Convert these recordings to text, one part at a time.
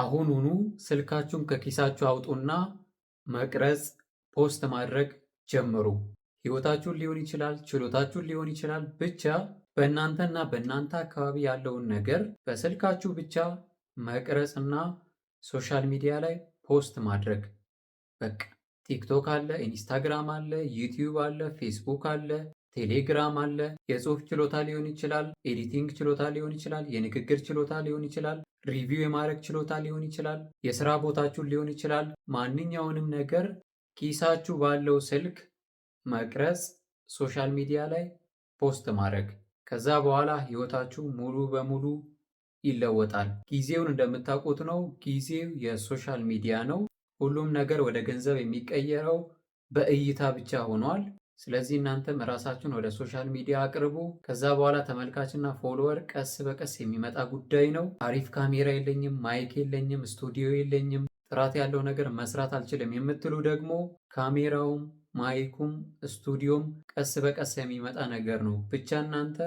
አሁኑኑ ስልካችሁን ከኪሳችሁ አውጡና መቅረጽ፣ ፖስት ማድረግ ጀምሩ። ህይወታችሁን ሊሆን ይችላል፣ ችሎታችሁን ሊሆን ይችላል፣ ብቻ በእናንተና በእናንተ አካባቢ ያለውን ነገር በስልካችሁ ብቻ መቅረጽና ሶሻል ሚዲያ ላይ ፖስት ማድረግ በቃ ቲክቶክ አለ፣ ኢንስታግራም አለ፣ ዩቲዩብ አለ፣ ፌስቡክ አለ፣ ቴሌግራም አለ። የጽሁፍ ችሎታ ሊሆን ይችላል፣ ኤዲቲንግ ችሎታ ሊሆን ይችላል፣ የንግግር ችሎታ ሊሆን ይችላል፣ ሪቪው የማድረግ ችሎታ ሊሆን ይችላል፣ የስራ ቦታችሁን ሊሆን ይችላል። ማንኛውንም ነገር ኪሳችሁ ባለው ስልክ መቅረጽ፣ ሶሻል ሚዲያ ላይ ፖስት ማድረግ። ከዛ በኋላ ህይወታችሁ ሙሉ በሙሉ ይለወጣል። ጊዜውን እንደምታውቁት ነው። ጊዜው የሶሻል ሚዲያ ነው። ሁሉም ነገር ወደ ገንዘብ የሚቀየረው በእይታ ብቻ ሆኗል። ስለዚህ እናንተም ራሳችሁን ወደ ሶሻል ሚዲያ አቅርቡ። ከዛ በኋላ ተመልካችና ፎሎወር ቀስ በቀስ የሚመጣ ጉዳይ ነው። አሪፍ ካሜራ የለኝም፣ ማይክ የለኝም፣ ስቱዲዮ የለኝም፣ ጥራት ያለው ነገር መስራት አልችልም የምትሉ ደግሞ ካሜራውም ማይኩም ስቱዲዮም ቀስ በቀስ የሚመጣ ነገር ነው። ብቻ እናንተ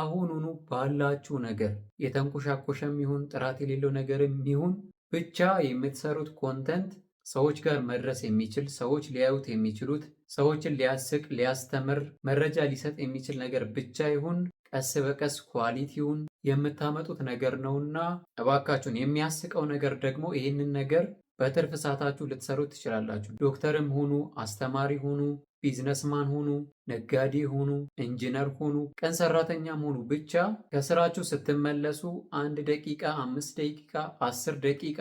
አሁኑኑ ባላችሁ ነገር የተንኮሻኮሸም ይሁን ጥራት የሌለው ነገርም ይሁን ብቻ የምትሰሩት ኮንተንት ሰዎች ጋር መድረስ የሚችል ሰዎች ሊያዩት የሚችሉት ሰዎችን ሊያስቅ፣ ሊያስተምር፣ መረጃ ሊሰጥ የሚችል ነገር ብቻ ይሁን ቀስ በቀስ ኳሊቲውን የምታመጡት ነገር ነውና እባካችሁን። የሚያስቀው ነገር ደግሞ ይህንን ነገር በትርፍ ሰዓታችሁ ልትሰሩት ትችላላችሁ። ዶክተርም ሁኑ፣ አስተማሪ ሁኑ፣ ቢዝነስማን ሁኑ፣ ነጋዴ ሁኑ፣ ኢንጂነር ሁኑ፣ ቀን ሰራተኛም ሁኑ፣ ብቻ ከስራችሁ ስትመለሱ አንድ ደቂቃ፣ አምስት ደቂቃ፣ አስር ደቂቃ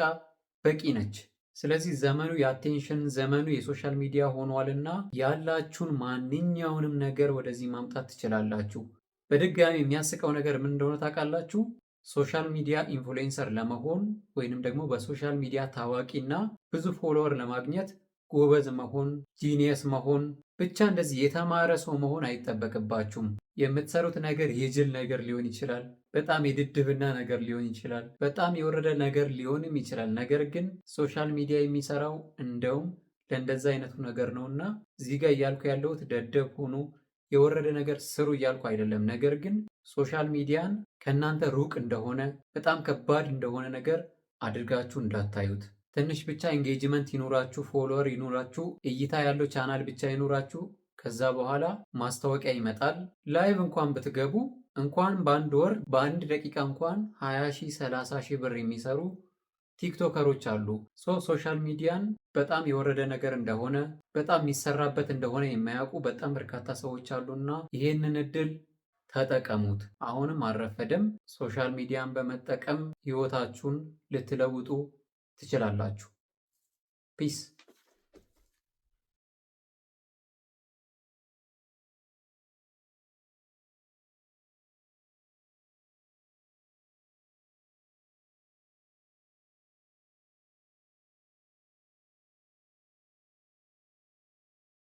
በቂ ነች። ስለዚህ ዘመኑ የአቴንሽን ዘመኑ የሶሻል ሚዲያ ሆኗልና ያላችሁን ማንኛውንም ነገር ወደዚህ ማምጣት ትችላላችሁ። በድጋሚ የሚያስቀው ነገር ምን እንደሆነ ታውቃላችሁ? ሶሻል ሚዲያ ኢንፍሉዌንሰር ለመሆን ወይንም ደግሞ በሶሻል ሚዲያ ታዋቂና ብዙ ፎሎወር ለማግኘት ጎበዝ መሆን፣ ጂኒየስ መሆን፣ ብቻ እንደዚህ የተማረ ሰው መሆን አይጠበቅባችሁም። የምትሰሩት ነገር የጅል ነገር ሊሆን ይችላል። በጣም የድድብና ነገር ሊሆን ይችላል። በጣም የወረደ ነገር ሊሆንም ይችላል። ነገር ግን ሶሻል ሚዲያ የሚሰራው እንደውም ለእንደዛ አይነቱ ነገር እና እዚህ ጋር እያልኩ ያለሁት ደደብ ሆኖ የወረደ ነገር ስሩ እያልኩ አይደለም። ነገር ግን ሶሻል ሚዲያን ከእናንተ ሩቅ እንደሆነ በጣም ከባድ እንደሆነ ነገር አድርጋችሁ እንዳታዩት። ትንሽ ብቻ ኢንጌጅመንት ይኖራችሁ፣ ፎሎወር ይኖራችሁ፣ እይታ ያለው ቻናል ብቻ ይኖራችሁ። ከዛ በኋላ ማስታወቂያ ይመጣል። ላይቭ እንኳን ብትገቡ እንኳን በአንድ ወር በአንድ ደቂቃ እንኳን 20 ሺህ 30 ብር የሚሰሩ ቲክቶከሮች አሉ። ሶ ሶሻል ሚዲያን በጣም የወረደ ነገር እንደሆነ በጣም የሚሰራበት እንደሆነ የማያውቁ በጣም በርካታ ሰዎች አሉና ይህንን እድል ተጠቀሙት። አሁንም አልረፈደም። ሶሻል ሚዲያን በመጠቀም ህይወታችሁን ልትለውጡ ትችላላችሁ። ፒስ